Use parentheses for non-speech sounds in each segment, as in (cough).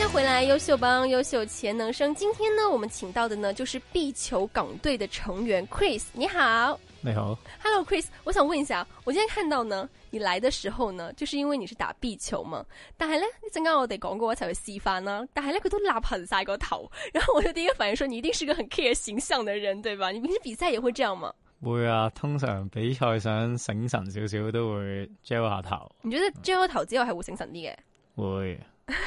再回來優，優秀幫優秀潛能生。今天呢，我們請到的呢就是壁球港隊的成員 Chris。你好，你好，Hello Chris。我想問一下，我今天看到呢，你來的時候呢，就是因為你是打壁球嘛？但係呢，一陣間我哋講過一齊去示範啦。但係呢佢都擸痕晒個頭。然後我就第一個反應說，你一定是個很 care 形象的人，對吧？你平時比賽也會這樣嘛？會啊，通常比賽想醒神少少都會 gel 下頭。你覺得 gel 頭之後係會醒神啲嘅、嗯？會。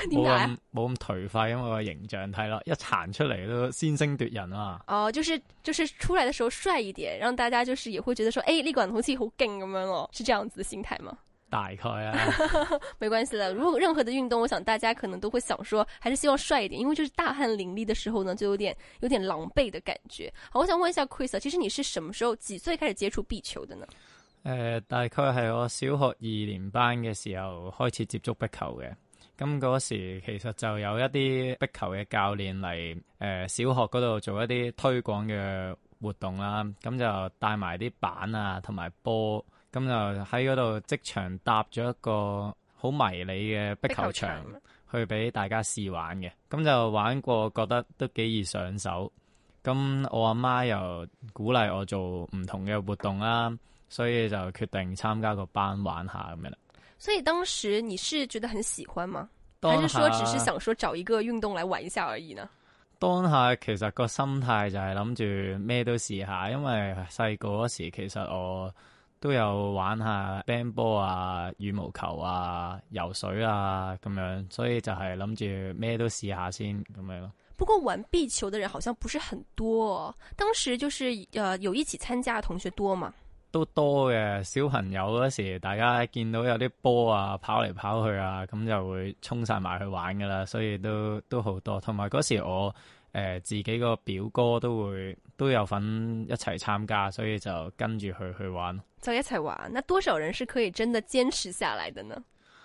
冇咁冇咁頹廢，因為個 (laughs) 形象睇落一殘出嚟都先聲奪人啊。哦，就是就是出來嘅時候帥一點，讓大家就是也會覺得說，誒、欸，呢個人好似好勁咁樣哦，是這樣子嘅心態嗎？大概啊， (laughs) 沒關係啦。如果任何的運動，我想大家可能都會想說，還是希望帥一點，因為就是大汗淋漓的時候呢，就有點有點狼狽的感覺。好，我想問一下 Chris、啊、其實你是什麼時候幾歲開始接觸壁球的呢？呃、大概係我小學二年班嘅時候開始接觸壁球嘅。咁嗰時其實就有一啲壁球嘅教練嚟誒小學嗰度做一啲推廣嘅活動啦，咁就帶埋啲板啊，同埋波，咁就喺嗰度即場搭咗一個好迷你嘅壁球場去俾大家試玩嘅。咁就玩過覺得都幾易上手，咁我阿媽又鼓勵我做唔同嘅活動啦，所以就決定參加個班玩下咁樣啦。所以當時你是覺得很喜歡嗎？當下還是說只是想說找一個運動來玩一下而已呢？當下其實個心態就係諗住咩都試下，因為細個嗰時其實我都有玩下乒乓啊、羽毛球啊、游水啊咁樣，所以就係諗住咩都試下先咁樣咯。不過玩壁球的人好像不是很多，哦，當時就是呃有一起參加的同學多嗎？都多嘅，小朋友嗰時大家見到有啲波啊跑嚟跑去啊，咁就會衝晒埋去玩噶啦，所以都都好多。同埋嗰時我誒、呃、自己個表哥都會都有份一齊參加，所以就跟住佢去玩，就一齊玩。那多少人是可以真的堅持下來的呢？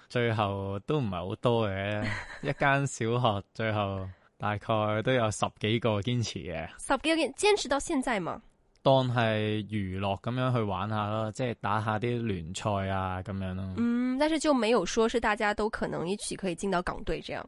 最後都唔係好多嘅，一間小學最後大概都有十幾個堅持嘅。十幾個堅持到現在嗎？當係娛樂咁樣去玩下咯，即係打下啲聯賽啊咁樣咯。嗯，但是就沒有說是大家都可能一起可以進到港隊這樣。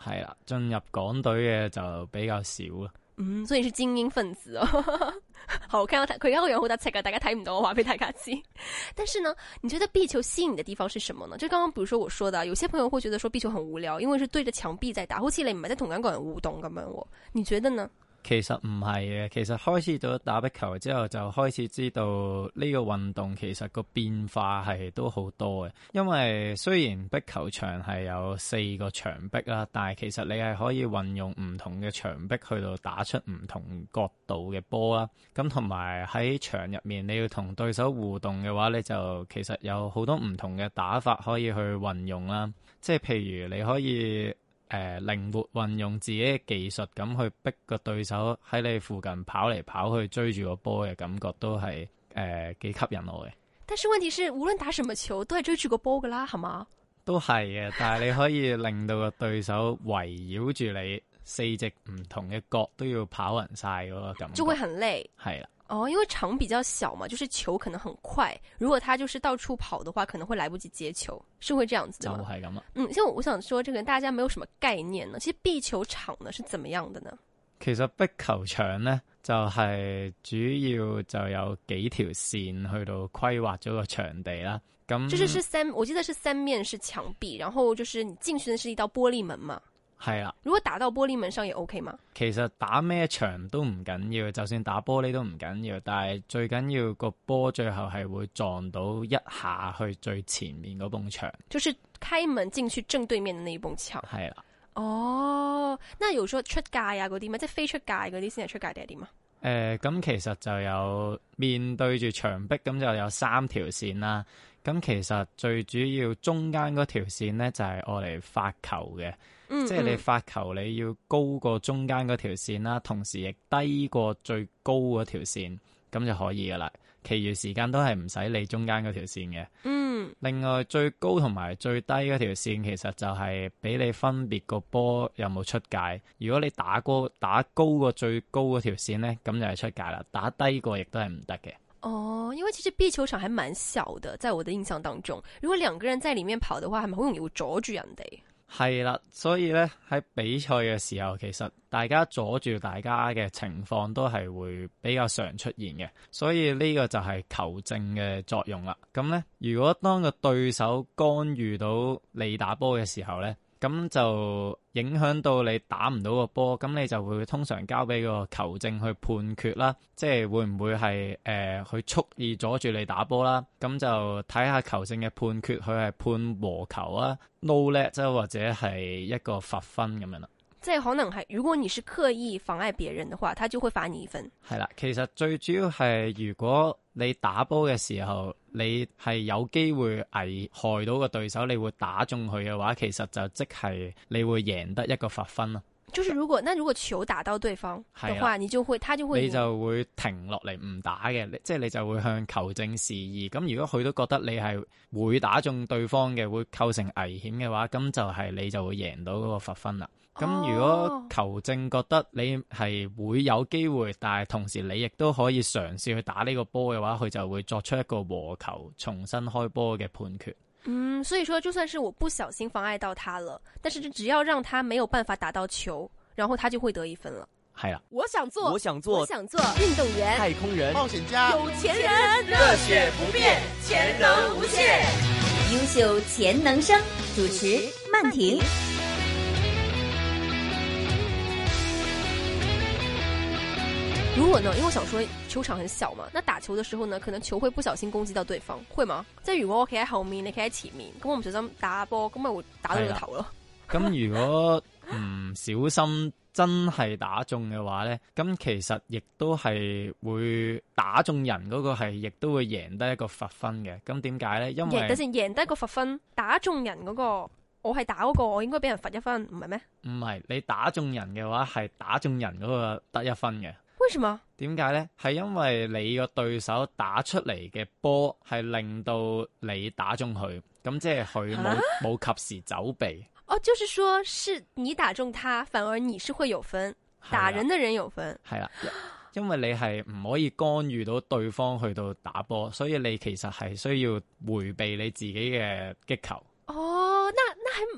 係啦，進入港隊嘅就比較少啦。嗯，所以是精英分子哦。 (laughs) 好，我睇下佢而家個樣好得戚噶，大家睇唔到我話俾大家知。 (laughs) 但是呢，你覺得壁球吸引的地方是什麼呢？就剛剛，比如說我說的，有些朋友會覺得說壁球很無聊，因為是對着牆壁在打，好似你唔係在同一個人互動咁樣。你覺得呢？其實唔係嘅，其實開始咗打壁球之後，就開始知道呢個運動其實個變化係都好多嘅。因為雖然壁球場係有四個牆壁啦，但係其實你係可以運用唔同嘅牆壁去到打出唔同角度嘅波啦。咁同埋喺場入面你要同對手互動嘅話，你就其實有好多唔同嘅打法可以去運用啦。即係譬如你可以。誒，靈活運用自己嘅技術，咁去逼個對手喺你附近跑嚟跑去追住個波嘅感覺都，都係誒幾吸引我嘅。但是問題是，無論打什麼球，都係追住個波噶啦，係嘛？都係嘅，但係你可以令到個對手圍繞住你 (laughs) 四隻唔同嘅角都要跑匀晒㗎個感。就會很累。係啦。哦，因為場比較小嘛，就是球可能很快，如果他就是到處跑的話，可能會來不及接球，是會這樣子嗎？就是嗯，因為我想說，這個大家沒有什麼概念呢，其實壁球場呢是怎麼樣的呢？其實壁球場呢就是主要就有幾條線去到規劃咗個場地啦。咁、嗯、就是是三，我記得是三面是牆壁，然後就是你進去的是一道玻璃門嘛。係啦，如果打到玻璃門上也 OK 嗎？其實打咩牆都唔緊要，就算打玻璃都唔緊要，但係最緊要個波最後係會撞到一下去最前面嗰埲牆。就是開門進去正對面嘅那一埲牆。係啦了，哦，oh, 那如果出出界啊嗰啲咩，即係飛出界嗰啲先係出界定係點啊？誒、呃，咁其實就有面對住牆壁咁就有三條線啦。咁其實最主要中間嗰條線咧，就係用嚟發球嘅，嗯、即係你發球你要高過中間嗰條線啦，嗯、同時亦低過最高嗰條線，咁就可以㗎喇。其餘時間都係唔使理中間嗰條線嘅。嗯，另外最高同埋最低嗰條線，其實就係俾你分別個波有冇出界。如果你打高打高過最高嗰條線咧，咁就係出界啦。打低過亦都係唔得嘅。哦，oh, 因為其實 B 球場還蠻小的，在我的印象當中，如果兩個人在裏面跑的話，係咪好容易會阻住人哋？係啦， (music) 所以呢，喺比賽嘅時候，其實大家阻住大家嘅情況都係會比較常出現嘅，所以呢個就係球證嘅作用啦。咁呢，如果當個對手干預到你打波嘅時候呢，咁就影響到你打唔到個波，咁你就會通常交俾個球證去判決啦，即係會唔會係誒去蓄意阻住你打波啦？咁就睇下球證嘅判決，佢係判和球啊，no 叻，即係或者係一個罰分咁樣啦。即係可能係如果你是刻意妨礙別人嘅話，他就會罰你一分。係啦，其實最主要係如果你打波嘅時候。你係有機會危害到個對手，你會打中佢嘅話，其實就即係你會贏得一個罰分啊。就是如果，那如果球打到對方嘅話，的你就會，他就會，你就會停落嚟唔打嘅，即係你就會向球證示意。咁如果佢都覺得你係會打中對方嘅，會構成危險嘅話，咁就係你就會贏到嗰個罰分啦。咁如果球證覺得你係會有機會，但係同時你亦都可以嘗試去打呢個波嘅話，佢就會作出一個和球重新開波嘅判決。嗯，所以說就算是我不小心妨礙到他了，但是就只要讓他沒有辦法打到球，然後他就會得一分了。係啊了，我想做，我想做，我想做運動員、太空人、冒險家、有錢人、人熱血不變、潛能無限、優秀潛能生，主持曼婷。如果呢，因為我想說球場很小嘛，那打球的時候呢，可能球會不小心攻擊到對方，會嗎？即係如果我企喺後面，你企喺前面，咁我唔小心打波，咁咪會打到你個頭咯。咁、啊、如果唔小心真係打中嘅話呢，咁 (laughs) 其實亦都係會打中人嗰個係，亦都會贏得一個罰分嘅。咁點解呢？因為等贏得一個罰分，打中人嗰、那個，我係打嗰、那個，我應該俾人罰一分，唔係咩？唔係你打中人嘅話，係打中人嗰個得一分嘅。為什麼？點解呢？係因為你個對手打出嚟嘅波，係令到你打中佢，咁即係佢冇冇及時走避。哦，就是說，是你打中他，反而你是會有分，打人的人有分。係啦，因為你係唔可以干預到對方去到打波，所以你其實係需要回避你自己嘅擊球。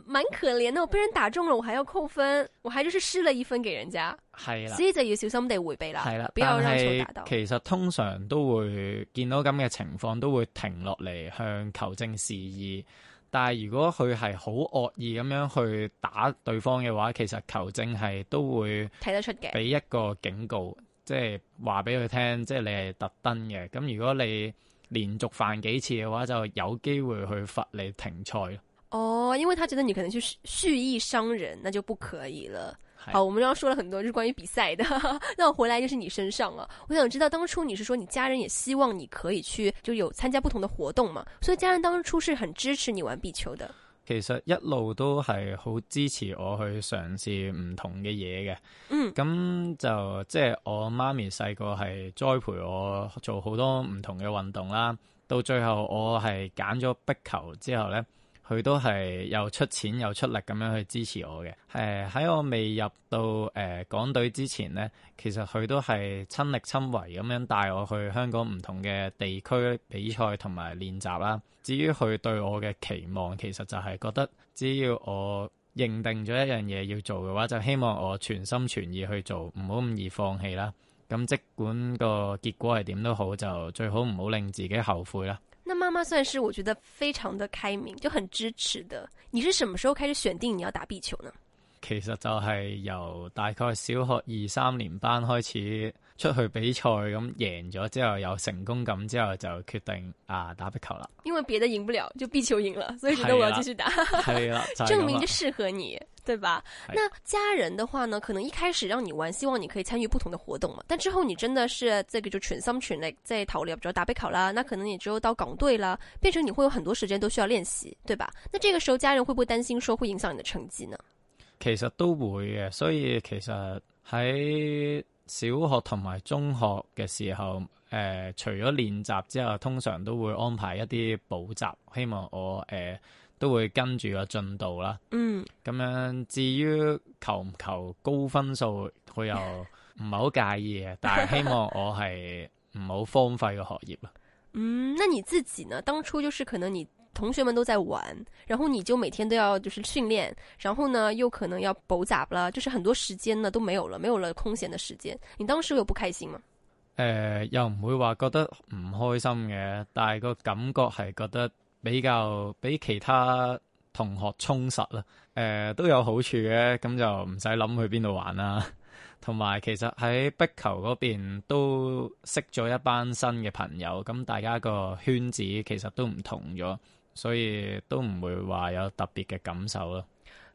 蠻可憐嘅，我被人打中了，我還要扣分，我還就是失了一分給人家，係啦了，所以就要小心地回避啦，係啦了，不要讓球打到。其實通常都會見到咁嘅情況，都會停落嚟向球證示意。但係如果佢係好惡意咁樣去打對方嘅話，其實球證係都會睇得出嘅，俾一個警告，即係話俾佢聽，即係你係特登嘅。咁如果你連續犯幾次嘅話，就有機會去罰你停賽。哦，oh, 因為他覺得你可能去蓄意傷人，那就不可以了。是好，我們剛剛說了很多，就是關於比賽的。 (laughs) 那我回來就是你身上了。我想知道當初你是說，你家人也希望你可以去就有參加不同的活動嘛？所以家人當初是很支持你玩壁球的。其實一路都係好支持我去嘗試唔同嘅嘢嘅。嗯，咁就即係、就是、我媽咪細個係栽培我做好多唔同嘅運動啦。到最後我係揀咗壁球之後咧。佢都係又出錢又出力咁樣去支持我嘅。誒喺我未入到、呃、港隊之前咧，其實佢都係親力親為咁樣帶我去香港唔同嘅地區比賽同埋練習啦。至於佢對我嘅期望，其實就係覺得只要我認定咗一樣嘢要做嘅話，就希望我全心全意去做，唔好咁易放棄啦。咁即管個結果係點都好，就最好唔好令自己後悔啦。那媽媽算是，我覺得非常的開明，就很支持的。你是什麼時候開始選定你要打壁球呢？其實就係由大概小學二三年班開始。出去比賽咁贏咗之後，有成功感之後就決定啊打壁球啦。因為別的贏不了，就壁球贏了，所以覺得我要繼續打。了 (laughs) 證明就適合你，對吧？對就是，那家人的話呢？可能一開始讓你玩，希望你可以參與不同的活動嘛。但之後你真的是這個就全心全力在逃離，比如打壁球啦，那可能你之後到港隊啦，變成你會有很多時間都需要練習，對吧？那這個時候家人會不會擔心說會影響你的成績呢？其實都會嘅，所以其實喺。小學同埋中學嘅時候，誒、呃，除咗練習之外，通常都會安排一啲補習，希望我誒、呃、都會跟住個進度啦。嗯，咁樣至於求唔求高分數，佢又唔係好介意嘅， (laughs) 但係希望我係唔好荒廢個學業啦。嗯，那你自己呢？當初就是可能你。同學們都在玩，然後你就每天都要就是訓練，然後呢又可能要補習啦，就是很多時間呢都沒有了，沒有了空閒的時間。你當時有不開心嗎？誒、呃，又唔會話覺得唔開心嘅，但係個感覺係覺得比較比其他同學充實啦。誒、呃，都有好處嘅，咁就唔使諗去邊度玩啦。同埋，其實喺壁球嗰邊都識咗一班新嘅朋友，咁大家個圈子其實都唔同咗。所以都唔會話，有特別嘅感受咯。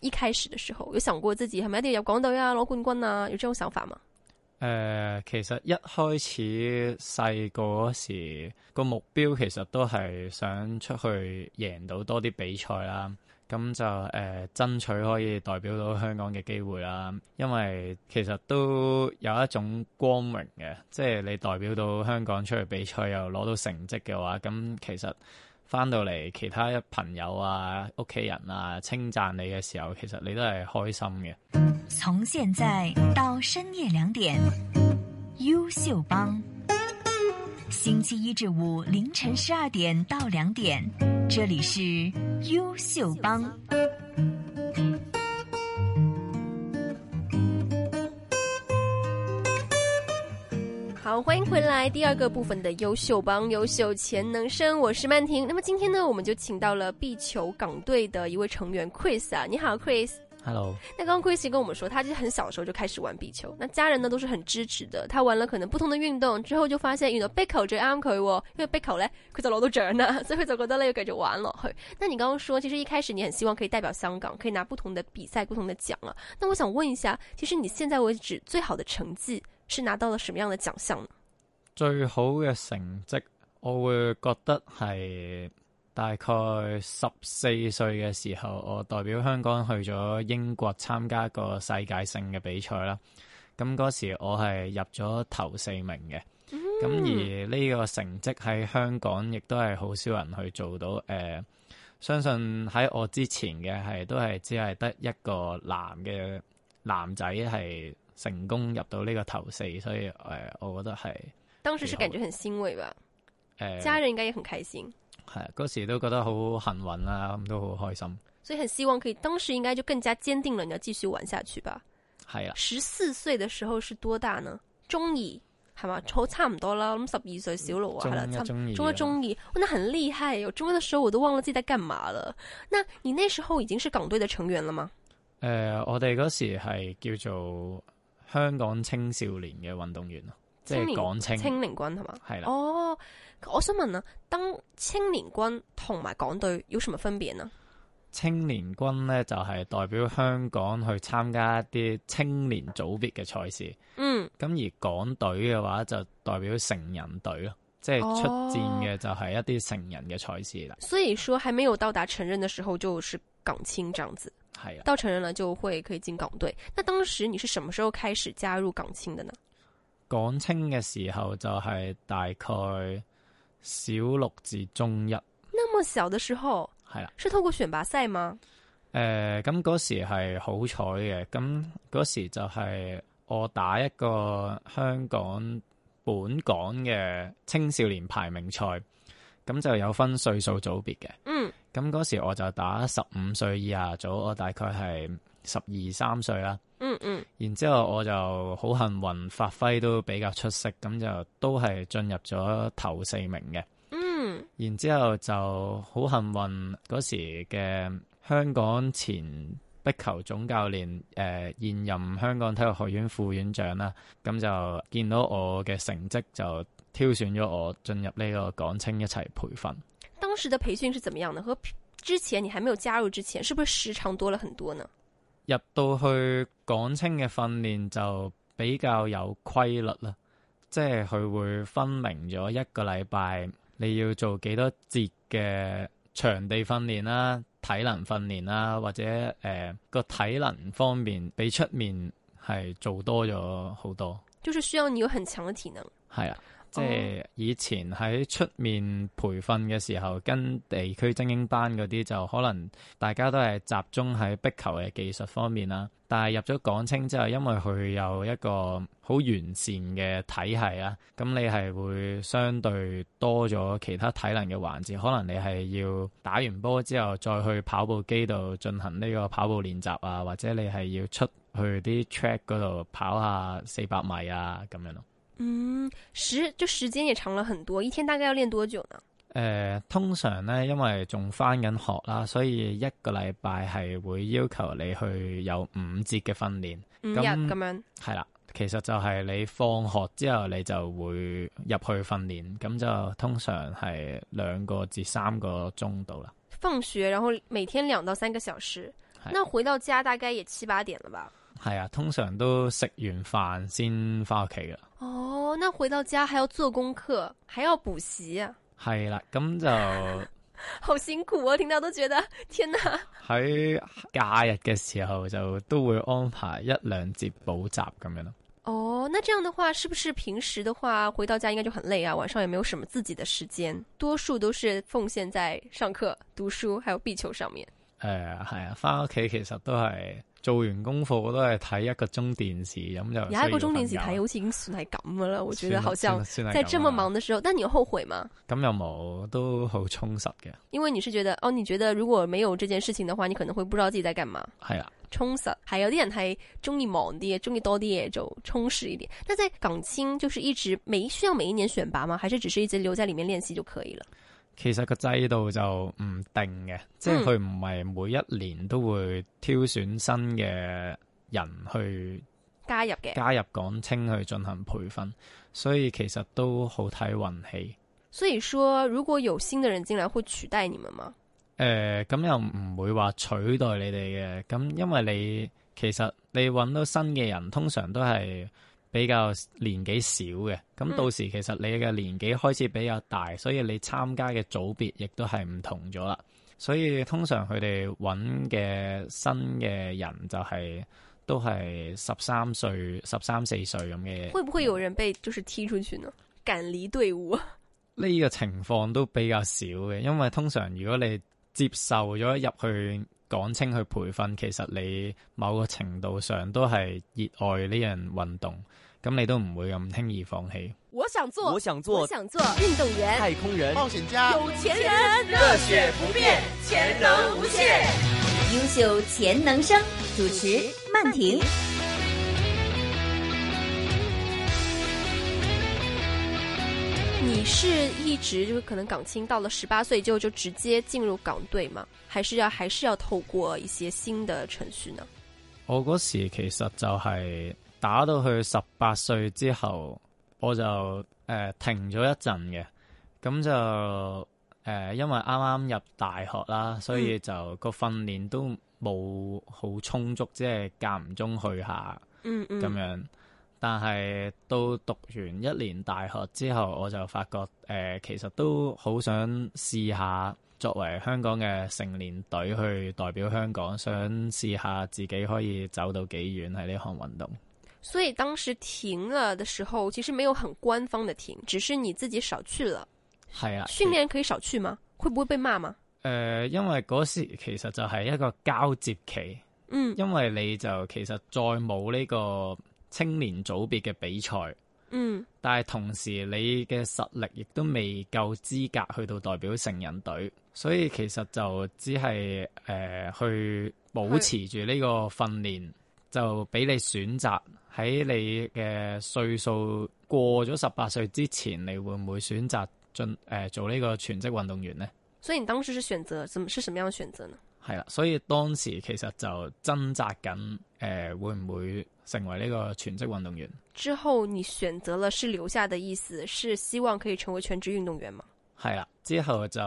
一開始嘅時候，有想過自己係咪一定要入港隊啊、攞冠軍啊？有這種想法嘛？誒、呃，其實一開始細個時個目標其實都係想出去贏到多啲比賽啦，咁就誒、呃、爭取可以代表到香港嘅機會啦。因為其實都有一種光榮嘅，即係你代表到香港出去比賽又攞到成績嘅話，咁其實。翻到嚟，其他朋友啊、屋企人啊，稱讚你嘅時候，其實你都係開心嘅。從現在到深夜兩點，優秀幫。星期一至五凌晨十二點到兩點，這裏是優秀幫。好，歡迎回來。第二個部分的優秀幫優秀潛能生，我是曼婷。那麼今天呢，我們就請到了壁球港隊的一位成員 Chris 啊，你好，Chris。Hello。那剛剛 Chris 跟我們說，他其實很小的時候就開始玩壁球，那家人呢都是很支持的。他玩了可能不同的運動之後，就發現運動壁球可啱佢，因為壁球咧，佢就攞到獎啦、啊，所以佢就覺得咧要繼續玩落去。那你剛剛說，其實一開始你很希望可以代表香港，可以拿不同的比賽、不同的獎啊。那我想問一下，其實你現在為止最好的成績？是拿到了什麼樣的獎項呢？最好嘅成績，我會覺得係大概十四歲嘅時候，我代表香港去咗英國參加一個世界性嘅比賽啦。咁嗰時我係入咗頭四名嘅。咁而呢個成績喺香港亦都係好少人去做到。誒，相信喺我之前嘅係都係只係得一個男嘅男仔係。成功入到呢個頭四，所以誒、呃，我覺得係當時是感覺很欣慰吧。誒、呃，家人應該也很開心。係啊，嗰時都覺得好幸運啦、啊，咁都好開心。所以很希望可以，當時應該就更加堅定了你要繼續玩下去吧。係啦、啊，十四歲的時候是多大呢？中二係嘛，好差唔多啦。咁十二歲小六啊，係啦綜，中一中二，哇、哦，那很厲害。我中一的時候我都忘了自己喺度幹嘛了。那你那時候已經是港隊的成員了嗎？誒、呃，我哋嗰時係叫做。香港青少年嘅運動員咯，即係港青青年軍係嘛？係啦的。哦，我想問啊，登青年軍同埋港隊有什麼分別呢？青年軍咧就係代表香港去參加一啲青年組別嘅賽事。嗯。咁而港隊嘅話就代表成人隊咯，哦、即係出戰嘅就係一啲成人嘅賽事啦。所以，說還沒有到達成人嘅時候，就是港青這樣子。係啊，到成人了就會可以進港隊。那當時你是什麼時候開始加入港青的呢？港青嘅時候就係大概小六至中一。那麼小的時候，係啦，是透過選拔賽嗎？誒、咁、呃、嗰時係好彩嘅，咁嗰時就係我打一個香港本港嘅青少年排名賽，咁就有分歲數組別嘅。嗯。咁嗰時我就打十五歲以下組，早我大概係十二三歲啦、嗯。嗯嗯。然之後我就好幸運，發揮都比較出色，咁就都係進入咗頭四名嘅。嗯。然之後就好幸運，嗰時嘅香港前壁球總教練，誒、呃、現任香港體育學院副院長啦。咁就見到我嘅成績，就挑選咗我進入呢個港青一齊培訓。當時的培訓是怎麼樣的？和之前你還沒有加入之前，是不是時長多了很多呢？入到去港青嘅訓練就比較有規律啦，即係佢會分明咗一個禮拜你要做幾多節嘅場地訓練啦、啊、體能訓練啦、啊，或者誒個、呃、體能方面比出面係做多咗好多。就是需要你有很強嘅體能。係啊。即係以前喺出面培訓嘅時候，跟地區精英班嗰啲就可能大家都係集中喺壁球嘅技術方面啦。但係入咗港青之後，因為佢有一個好完善嘅體系啊，咁你係會相對多咗其他體能嘅環節。可能你係要打完波之後再去跑步機度進行呢個跑步練習啊，或者你係要出去啲 track 嗰度跑下四百米啊咁樣咯。嗯，時就時間也長了很多，一天大概要練多久呢？誒、呃，通常咧，因為仲返緊學啦，所以一個禮拜係會要求你去有五節嘅訓練，五日咁樣，係啦那、嗯，其實就係你放學之後你就會入去訓練，咁就通常係兩個至三個鐘度啦。放學然後每天兩到三個小時，的那回到家大概也七八點了吧？係啊，通常都食完飯先返屋企㗎。哦，那回到家還要做功課，還要補習、啊。係啦、啊，咁就 (laughs) 好辛苦啊！聽到都覺得天啊！喺假日嘅時候就都會安排一兩節補習咁樣咯。哦，那這樣的話，是不是平時的話回到家應該就很累啊？晚上也沒有什麼自己的時間？多數都是奉獻在上課、讀書，還有壁球上面。誒、呃，係啊，返屋企其實都係。做完功課我都係睇一個鐘電視，咁就有一個鐘電視睇，好似已經算係咁噶啦。算我覺得好像在這麼忙嘅時候，啊，但你後悔嗎？咁又冇，都好充實嘅。因為你是覺得，哦，你覺得如果沒有這件事情的話，你可能會不知道自己在幹嘛。係啊，充實。還有啲人係中意忙啲，中意多啲嘢，就充實一點。但係港青，就是一直每需要每一年選拔嗎？還是只是一直留在裏面練習就可以了？其實個制度就唔定嘅，即係佢唔係每一年都會挑選新嘅人去加入嘅，加入港青去進行培訓，所以其實都好睇運氣。所以說，如果有新嘅人進來，會取代你們嗎？誒、呃，咁又唔會話取代你哋嘅，咁因為你其實你揾到新嘅人，通常都係。比較年紀少嘅，咁到時其實你嘅年紀開始比較大，嗯、所以你參加嘅組別亦都係唔同咗啦。所以通常佢哋揾嘅新嘅人就係、是、都係十三歲、十三四歲咁嘅。的會唔會有人被就是踢出去呢？趕離隊伍？呢個情況都比較少嘅，因為通常如果你接受咗入去。講清去培訓，其實你某個程度上都係熱愛呢樣運動，咁你都唔會咁輕易放棄。我想做，我想做，我想做運動員、太空人、冒險家、有錢人，熱血不變，潛能無限，優秀潛能生，主持曼婷。你是一直就可能港青到了十八歲之後就直接進入港隊嗎？還是要還是要透過一些新的程序呢？我嗰時其實就係打到去十八歲之後，我就誒、呃、停咗一陣嘅，咁就誒、呃、因為啱啱入大學啦，所以就個訓練都冇好充足，即係間唔中去一下，嗯嗯，咁樣。但係到讀完一年大學之後，我就發覺誒、呃，其實都好想試下作為香港嘅成年隊去代表香港，想試下自己可以走到幾遠喺呢項運動。所以當時停咗嘅時候，其實沒有很官方的停，只是你自己少去了。係啊，訓練可以少去嗎？會不會被罵嗎？誒、呃，因為嗰時其實就係一個交接期，嗯，因為你就其實再冇呢、這個。青年組別嘅比賽，嗯，但係同時你嘅實力亦都未夠資格去到代表成人隊，所以其實就只係誒、呃、去保持住呢個訓練，是就俾你選擇喺你嘅歲數過咗十八歲之前，你會唔會選擇進誒、呃、做呢個全職運動員咧？所以你當時是選擇，怎麼是什麼樣的選擇呢？係啦，所以當時其實就掙扎緊，誒、呃、會唔會？成為呢個全職運動員之後，你選擇了是留下的意思，是希望可以成為全職運動員嗎？係啦，之後就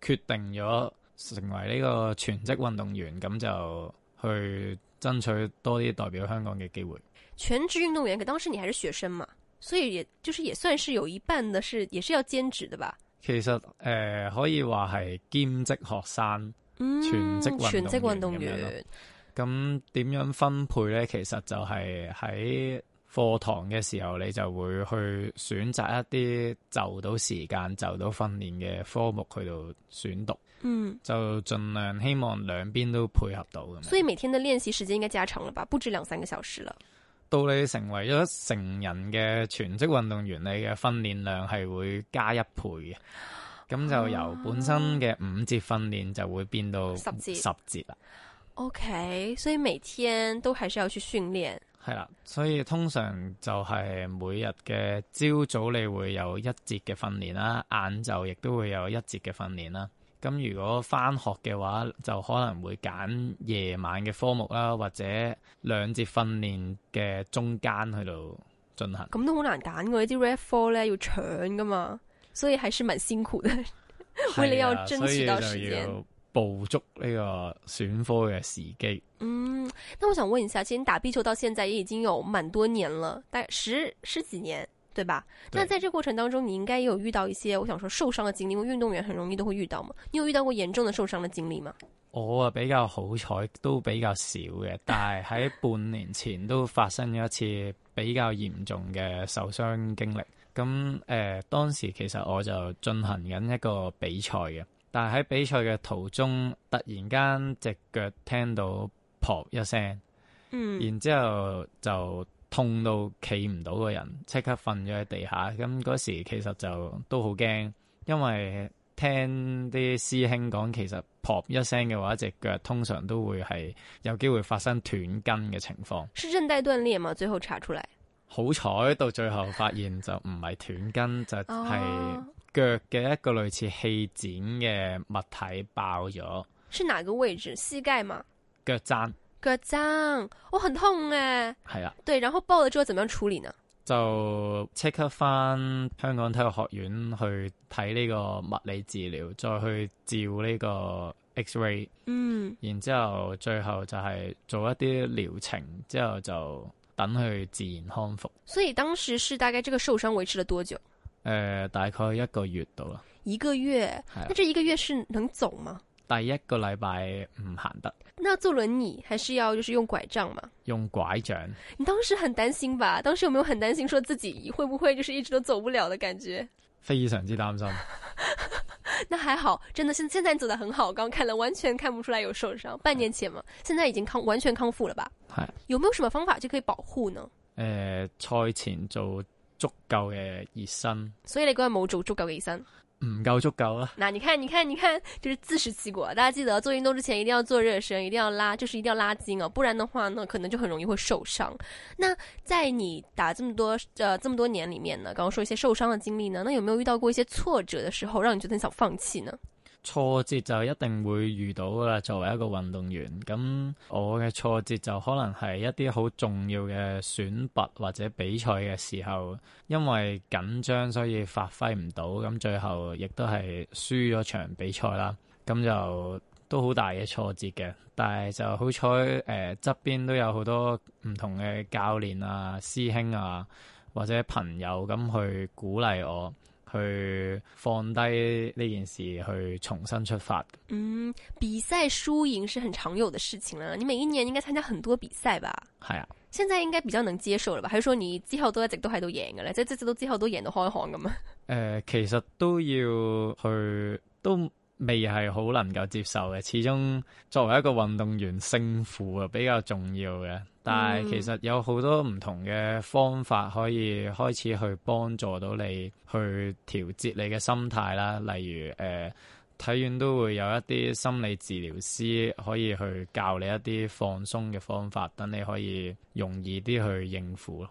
決定咗成為呢個全職運動員，咁就去爭取多啲代表香港嘅機會。全職運動員，佢當時你還是學生嘛，所以也就是也算是有一半的是，是也是要兼職的吧。其實誒、呃，可以話係兼職學生，全職全、嗯、職運動員。咁點樣分配呢？其實就係喺課堂嘅時候，你就會去選擇一啲就到時間、就到訓練嘅科目去度選讀。嗯，就盡量希望兩邊都配合到咁。所以每天嘅練習時間應該加長了吧？不止兩三個小時了。到你成為咗成人嘅全職運動員，你嘅訓練量係會加一倍嘅。咁就由本身嘅五節訓練就會變到十節，十節啦。O、okay, K，所以每天都係需要去訓練。係啦，所以通常就係每日嘅朝早你會有一節嘅訓練啦，晏晝亦都會有一節嘅訓練啦。咁如果翻學嘅話，就可能會揀夜晚嘅科目啦，或者兩節訓練嘅中間去度進行。咁都好難揀喎，呢啲 red 科咧要搶噶嘛，所以還是蠻辛苦嘅，喂 (laughs) 的， (laughs) 你要爭取到時間。捕捉呢個選科嘅時機。嗯，那我想問一下，其實你打壁球到現在也已經有蠻多年了，大概十十幾年，對吧？對。那在這過程當中，你應該有遇到一些，我想說受傷嘅經歷，因為運動員很容易都會遇到嘛。你有遇到過嚴重的受傷嘅經歷嗎？我啊比較好彩，都比較少嘅，但係喺半年前都發生咗一次比較嚴重嘅受傷經歷。咁誒、 (laughs) 嗯呃，當時其實我就進行緊一個比賽嘅。但係喺比賽嘅途中，突然間隻腳聽到 pop 一聲，嗯，然之後就痛到企唔到個人，即刻瞓咗喺地下。咁嗰時其實就都好驚，因為聽啲師兄講，其實 pop 一聲嘅話，隻腳通常都會係有機會發生斷筋嘅情況。是韌帶斷裂嘛？最後查出嚟？好彩到最後發現就唔係斷筋， (laughs) 就係是、哦。腳嘅一個類似氣枕嘅物體爆咗，是哪個位置？膝蓋嗎？腳踭踩，腳踭，我很痛誒，係啊的，對，然後爆咗之後，怎麼樣處理呢？就即刻翻香港體育學院去睇呢個物理治療，再去照呢個 X-ray，嗯，然之後最後就係做一啲療程，之後就等佢自然康復。所以當時是大概這個受傷維持了多久？誒、呃，大概一個月到啦。一個月，那這一個月是能走嗎？第一個禮拜唔行得。那坐輪椅還是要就是用拐杖嗎？用拐杖。你當時很擔心吧？當時有沒有很擔心，說自己會不會就是一直都走不了的感覺？非常之擔心。 (laughs) 那還好，真的，現現在你走得很好，剛看了，完全看不出來有受傷。半年前嘛，嗯、現在已經康完全康復了吧？係是。有沒有什麼方法就可以保護呢？誒、呃，賽前做。足夠嘅熱身，所以你嗰日冇做足夠嘅熱身，唔夠足夠啊！那你看，你看，你看，就是自食其果。大家記得做運動之前一定要做熱身，一定要拉，就是一定要拉筋啊！不然的話呢，可能就很容易會受傷。那在你打這麼多，呃，這麼多年裏面呢，剛剛說一些受傷的經歷呢，那有沒有遇到過一些挫折的時候，讓你覺得很想放棄呢？挫折就一定會遇到啦，作為一個運動員，咁我嘅挫折就可能係一啲好重要嘅選拔或者比賽嘅時候，因為緊張所以發揮唔到，咁最後亦都係輸咗場比賽啦。咁就都好大嘅挫折嘅，但係就好彩誒，側邊都有好多唔同嘅教練啊、師兄啊或者朋友咁去鼓勵我。去放低呢件事，去重新出發。嗯，比賽輸贏是很常有的事情啦。你每一年應該參加很多比賽吧？係啊，現在應該比較能接受了吧？還、就是說你之後都一直都喺度贏嘅咧？即係即直都之後都贏到開行咁啊？誒、呃，其實都要去都。未係好能夠接受嘅，始終作為一個運動員，勝負啊比較重要嘅。但係其實有好多唔同嘅方法可以開始去幫助到你去調節你嘅心態啦。例如誒、呃，體院都會有一啲心理治療師可以去教你一啲放鬆嘅方法，等你可以容易啲去應付咯。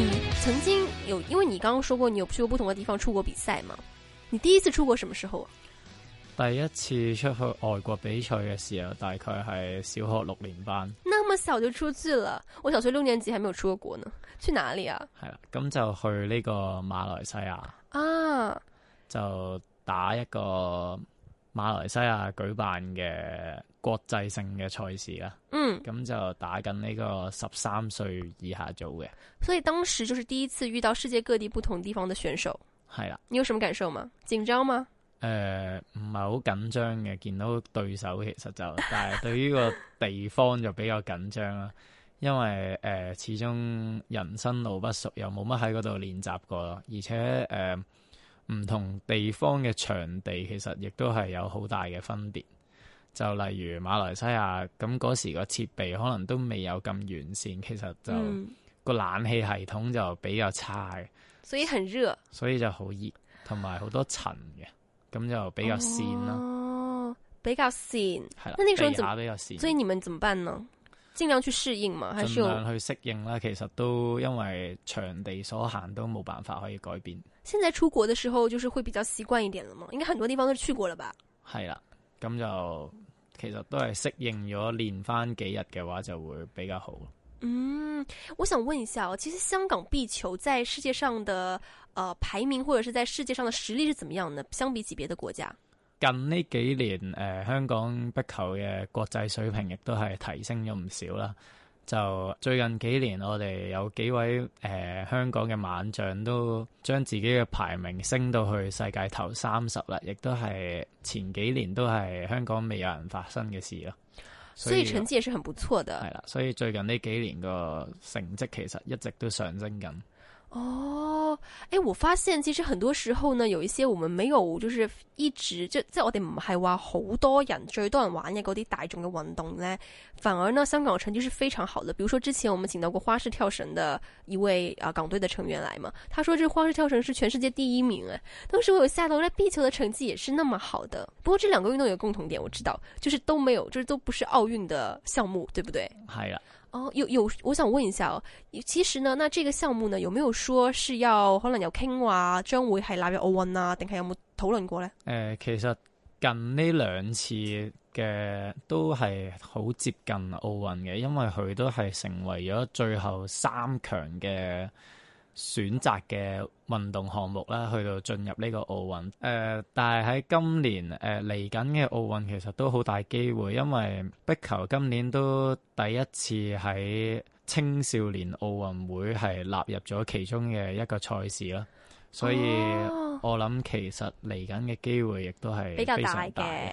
你、嗯、曾經有，因為你剛剛說過你有去過不同的地方出國比賽嘛？你第一次出國什麼時候啊？第一次出去外國比賽嘅時候，大概係小學六年班。那麼小就出去了，我小學六年級還沒有出過國呢。去哪裏啊？係啦，咁就去呢個馬來西亞啊，就打一個。馬來西亞舉辦嘅國際性嘅賽事啦，咁、嗯、就打緊呢個十三歲以下組嘅。所以當時就是第一次遇到世界各地不同地方嘅選手，係啦的。你有什麼感受嗎？緊張嗎？誒、呃，唔係好緊張嘅，見到對手其實就，但係對於個地方就比較緊張啦。 (laughs) 因為誒、呃，始終人生路不熟，又冇乜喺嗰度練習過咯，而且誒。呃唔同地方嘅場地其實亦都係有好大嘅分別，就例如馬來西亞咁嗰時個設備可能都未有咁完善，其實就個冷氣系統就比較差嘅，嗯，所以很熱，所以就好熱，同埋好多塵嘅，咁就比較跣咯，哦，比較跣係啦，對那那時候比較跣，所以你們怎麼辦呢？盡量去適應嘛，還是盡量去適應啦。其實都因為場地所限，都冇辦法可以改變。現在出國的時候，就是會比較習慣一點了嘛？應該很多地方都去過了吧。係啦、嗯，咁就其實都係適應咗，練翻幾日嘅話就會比較好。嗯，我想問一下，其實香港壁球在世界上的，呃，排名或者是在世界上的實力是怎麼樣呢？相比起別的國家？近呢幾年，呃、香港壁球嘅國際水平亦都係提升咗唔少啦。就最近幾年，我哋有幾位、呃、香港嘅猛將都將自己嘅排名升到去世界頭三十啦，亦都係前幾年都係香港未有人發生嘅事咯。所以成績也是很不錯的。係啦，所以最近呢幾年個成績其實一直都上升緊。哦，哎、oh，我發現其實很多時候呢，有一些我們沒有，就是一直就，在我哋唔係話好多人，最多人玩嘅嗰啲大眾嘅運動呢。反而呢，香港成績是非常好的。比如說之前我們請到過花式跳繩的一位啊、呃、港隊的成員來嘛，他說這花式跳繩是全世界第一名誒、啊。當時我有吓到，那、呃、壁球的成績也是那麼好的。的不過這兩個運動有共同點，我知道，就是都沒有，就是都不是奧運的項目，對不對？係啦。哦，有有，我想問一下，其實呢，呢個項目呢，有沒有說是要可能有傾話，將會係納入奧運啊？定係有冇討論過呢？誒、呃，其實近呢兩次嘅都係好接近奧運嘅，因為佢都係成為咗最後三強嘅。選擇嘅運動項目啦，去到進入呢個奧運誒、呃，但係喺今年誒嚟緊嘅奧運其實都好大機會，因為壁球今年都第一次喺青少年奧運會係納入咗其中嘅一個賽事啦，所以我諗其實嚟緊嘅機會亦都係比較大嘅。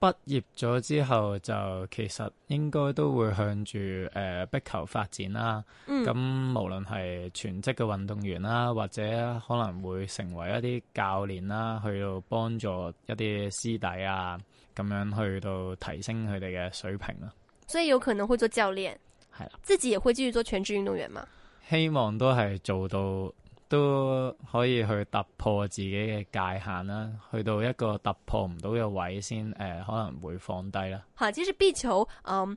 畢業咗之後就其實應該都會向住誒、呃、壁球發展啦。咁、嗯、無論係全職嘅運動員啦，或者可能會成為一啲教練啦，去到幫助一啲師弟啊，咁樣去到提升佢哋嘅水平啦。所以有可能會做教練，係啦的，自己也會繼續做全職運動員嘛？希望都係做到。都可以去突破自己嘅界限啦，去到一個突破唔到嘅位先，誒、呃，可能會放低啦。吓，即是地球，嗯。